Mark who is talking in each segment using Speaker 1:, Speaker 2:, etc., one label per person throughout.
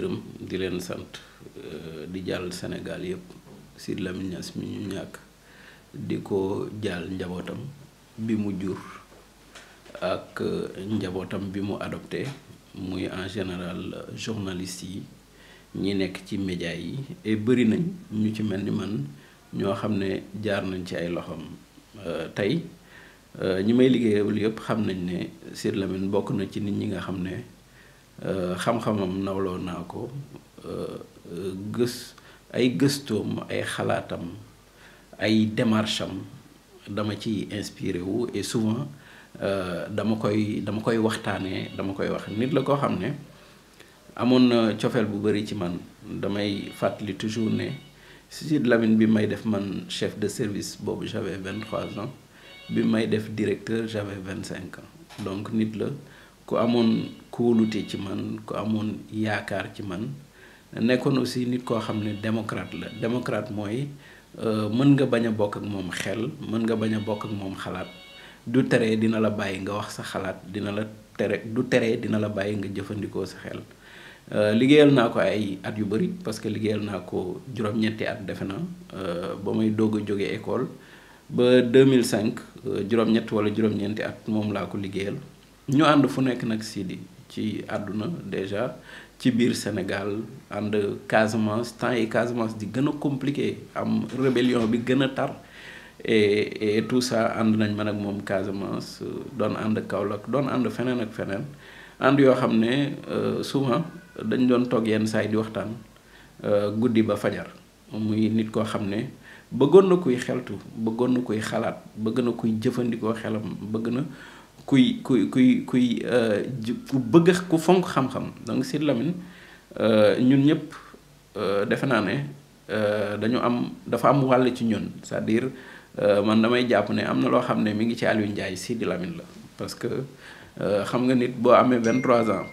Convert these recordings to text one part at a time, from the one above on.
Speaker 1: gërëm di leen sant euh, di jàll Sénégal yëpp Sidy Lamine Niass mi ñu ñàkk di ko jàll njabootam bi mu jur ak euh, njabootam bi mu adopté muy en général journaliste yi ñi nekk ci média yi et bëri nañ ñu ci mel ni man ñoo xam ne jaar nañ ci ay loxoom euh, tey ñi may liggéeyal yëpp xam nañ ne Sidy Lamine bokk na ci nit ñi nga xam ne xam-xamam nawloo naa ko gës ay gëstoom ay xalaatam ay démarche am dama ci inspiré wu et souvent dama koy dama koy waxtaanee dama koy wax nit la koo xam ne amoon na cofeel bu bëri ci man damay fàttali toujours ne Sud Lamine bi may def man chef de service boobu j'avais vingt trois ans bi may def directeur j'avais vingt cinq ans donc nit la ku amoon kóolute ci man ku amoon yaakaar ci man nekkoon aussi nit koo xam ne démocrate la démocrate mooy euh, mën nga bañ a bokk ak moom xel mën nga bañ a bokk ak moom xalaat du tere dina la bàyyi nga wax sa xalaat dina la tere du tere dina la bàyyi nga jëfandikoo sa xel euh, liggéeyal naa ko ay at yu bëri parce que liggéeyal naa ko juróom-ñetti at defe na euh, ba may doog a jóge école ba 2005 juróom-ñett wala juróom-ñeenti at moom laa ko liggéeyal ñu ànd fu nekk nag Sidi ci àdduna déjà ci biir Sénégal ànd Casamance temps yi Casamance di gën a compliqué am rébellion bi gën a tar e et sa ànd nañ man ak moom Casamance doon ànd Kaolack doon ànd feneen ak feneen ànd yoo xam ne euh, souvent dañ doon toog yenn saay di waxtaan euh, guddi ba fajar muy nit koo xam ne bëggoon na kuy xeltu bëggoon na kuy xalaat bëgg na kuy jëfandikoo xelam bëgg na. kuy kuy kuy kuy eh, ku bëgg ku fonk xam-xam donc Sidi Lamine eh, ñun ñëpp eh, defe naa ne dañu am dafa am wàll ci ñun c'est-à-dire man damay jàpp ne am na loo xam ne mi ngi ci Aliou Ndiaye Sidi Lamine la parce que xam nga nit boo amee 23 ans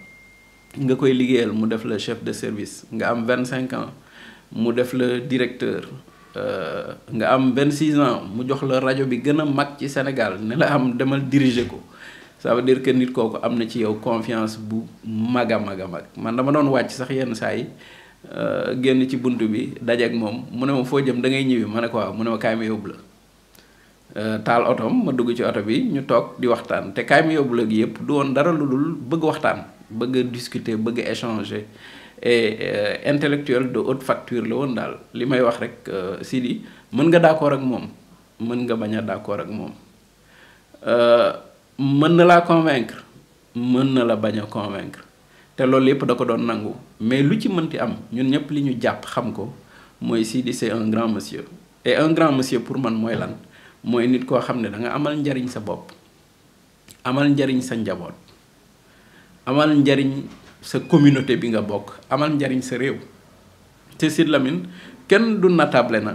Speaker 1: nga koy liggéeyal mu def la chef de service nga am 25 ans mu def la directeur nga am 26 ans mu jox la rajo bi gën a mag ci Sénégal ne la am demal diriger ko ça veut que nit kooku am na ci yow confiance bu mag a mag a mag man dama doon wàcc sax yenn saa yi euh, génn ci bunt bi dajeeg moom mu ne ma foo jëm da ngay ñëwi ma ne ko waaw mu ne ma kaay ma yóbbu la euh, taal otoom ma dugg ci oto bi ñu toog di waxtaan te kaay ma yóbbu la gi yëpp du woon dara lu dul bëgg waxtaan bëgg discuté bëgg échanger et euh, intellectuel de haute facture la woon daal li may wax rek Sidi mën nga d'accord ak moom mën nga bañ a d'accord ak moom. mën na laa convaincre mën na la bañ a convaincre te loolu yëpp da ko doon nangu mais lu ci mënti am ñun ñëpp li ñu jàpp xam ko mooy Sidi c'est un grand monsieur et un grand monsieur pour man mooy lan mooy nit koo xam ne da nga amal njariñ sa bopp amal njariñ sa njaboot amal njariñ sa communauté bi nga bokk amal njariñ sa réew te Sidi Lamine kenn du natable na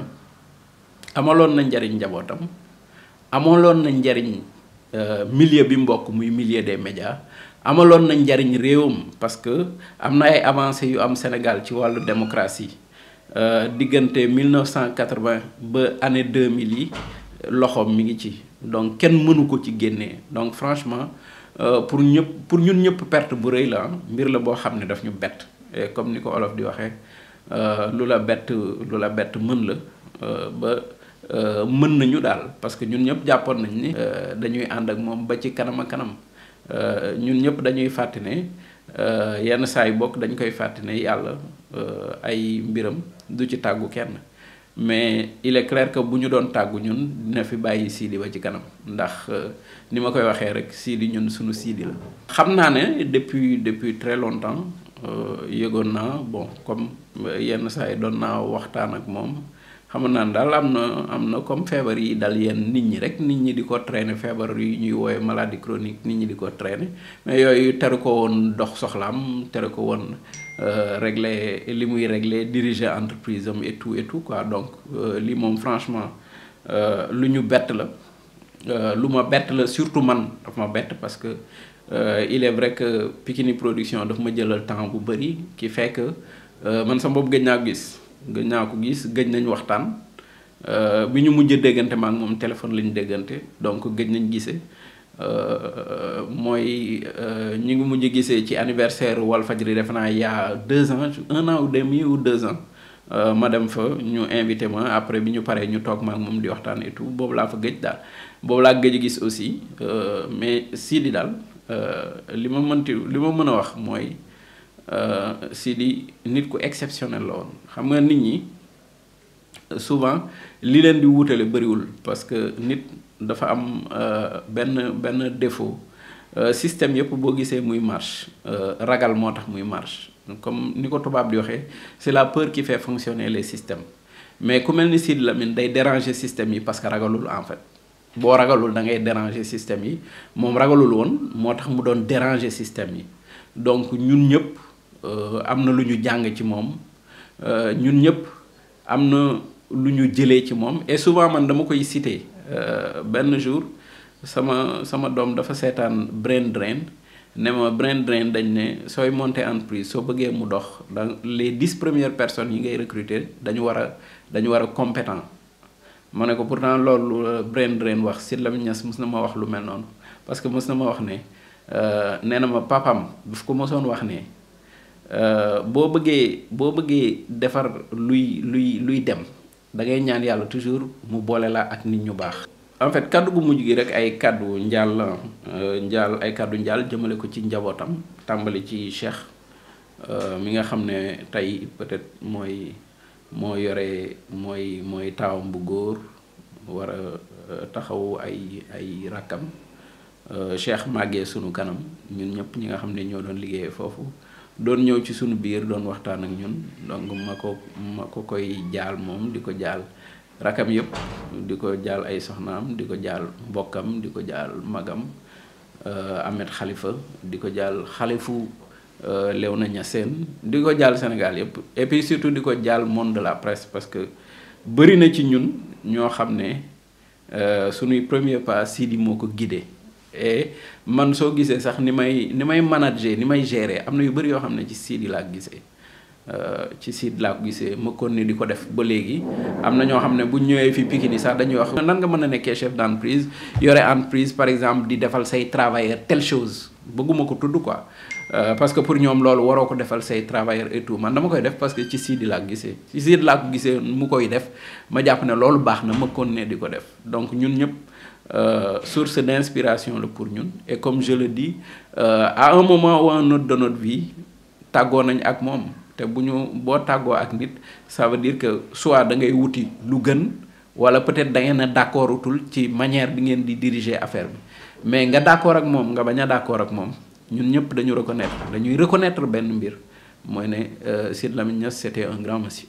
Speaker 1: amaloon na njariñ njabootam amaloon na njariñ Euh, millier bi mbokk muy millier des médias amaloon nañ njariñ réewam parce que am na ay avancées yu am Sénégal ci wàllu démocratie euh, diggante 1980 ba année 2000 yi loxoom mi ngi ci donc kenn mënu ko ci génnee donc franchement euh, pour ñëpp pour ñun ñëpp perte bu rëy la mbir la boo xam ne daf ñu bett comme ni ko olof di waxee lu la bett lu la bett mën la ba. Euh, mën nañu daal parce que ñun ñëpp jàppoon nañ ni euh, dañuy ànd ak moom ba ci kanam a kanam euh, ñun ñëpp dañuy fàtte ne yenn saa yu bokk dañ koy fàtte ne yàlla ay mbiram du ci tàggu kenn mais il est clair que bu ñu doon tàggu ñun dina fi bàyyi Sidy ba ci kanam ndax ni ma koy waxee rek siidi ñun suñu Sidy la xam naa ne depuis depuis très longtemps yëgoon naa bon comme yenn saa yi doon naa waxtaan ak moom xam naan daal am na am na comme feebar yi dal yenn nit ñi rek nit ñi di ko traîner feebar yi ñuy woowee maladie chronique nit ñi di ko traîner mais yooyu teru ko woon dox soxlaam teru ko woon euh, régler li muy régler diriger entreprise am et tout et tout quoi donc euh, li moom franchement euh, lu ñu bett la lu ma bett la surtout man daf ma bett parce que il est vrai que Pikini Production daf ma jëlal temps bu bëri qui fait que man sama bopp gëj naa gis gëj ko gis gëj nañ waxtaan euh, bi ñu mujj déggante ma ak moom téléphone lañ déggante donc gëj nañ gisee euh, mooy euh, ñi ngi mujj gisee ci anniversaire Walfadjri defe naa y deux ans un an ou demi ou deux ans ma dem fa ñu invité ma après bi ñu paree ñu toog ma ak moom di waxtaan et tout boobu laa fa gëj daal boobu laa gëj gis aussi mais sii di daal li ma mënti li ma mën a wax mooy. Euh, Sidi nit ku exceptionnel la woon xam nga nit ñi souvent li leen di wutale bëriwul parce que nit dafa am euh, benn benn défaut euh, système yëpp boo gisee muy marche ragal moo tax muy marche comme ni ko tubaab di waxee c'est la peur qui fait fonctionner les systèmes mais ku mel ni Sidy Lamine day déranger système yi parce que ragalul en fait boo ragalul da ngay déranger système yi moom ragalul woon moo tax mu doon déranger système yi donc ñun ñëpp. Euh, am na lu ñu jàng ci euh, ñun ñëpp ci et souvent man euh, jour sama sama doom dafa brain drain ne brain drain dañ ne sooy monter entreprise soo bëggee mu dox les dix premières personnes yi ngay recruter dañu war a compétent pourtant brain drain wax parce que pas. ma wax ne Eh, boo bëggee boo bëggee defar luy luy luy dem da ngay ñaan yàlla toujours mu boole la ak nit ñu baax en fait kàddu gu mujj gi rek ay kàddu njaal eh, njaal ay kàddu njaal jëmale ko ci njabootam tàmbali ci cheikh eh, mi nga xam ne tey peut-être mooy moo yore mooy mooy taawam bu góor war a taxaw ay ay rakkam cheikh màggee sunu kanam ñun ñëpp ñi nga xam ne ñoo doon liggéeyee foofu doon ñëw ci sunu biir doon waxtaan ak ñun donc ma ko ma ko koy jaal moom di ko jaal rakam yëpp di ko jaal ay soxnaam di ko jaal mbokkam di ko jaal magam Amir euh, Ahmed Khalifa di ko jaal xalifu uh, Léona Niassène di ko jaal Sénégal yëpp et puis surtout di ko jaal monde de la presse parce que bëri na ci ñun ñoo xam ne uh, premier pas Sidi moo ko guidé eh man soo gisee sax ni may ni may manager ni may gérer am na yu bëri yoo xam ne ci siidi laa gisee euh, ci siid laa ko ma continuer di ko def ba léegi am na ñoo xam ne bu ñëwee fi Pikine sax dañuy wax nan nga mën a nekkee chef d'entreprise yore entreprise par exemple di defal say travailleur telle chose bëgguma ko tudd quoi euh, parce que pour ñoom loolu waroo ko defal say travailleur et tout man dama koy def parce que ci siidi laa ko gisee ci siid laa ko mu koy def ma jàpp ne loolu baax na ma continuer di ko def donc ñun ñëpp Euh, source d'inspiration pour nous et comme je le dis euh, à un moment ou à un autre de notre vie nous avons ak moom te Si nous boo ak nit ça veut dire que soit da ngay wuti lu gën wala peut-être da ngeen d'accord sur la manière bi vous di diriger affaire bi mais nga d'accord avec moom nga baña d'accord ak moom ñun ñëpp dañu reconnaître dañuy reconnaître ben mbir né ne euh, Lamine c'était un grand monsieur.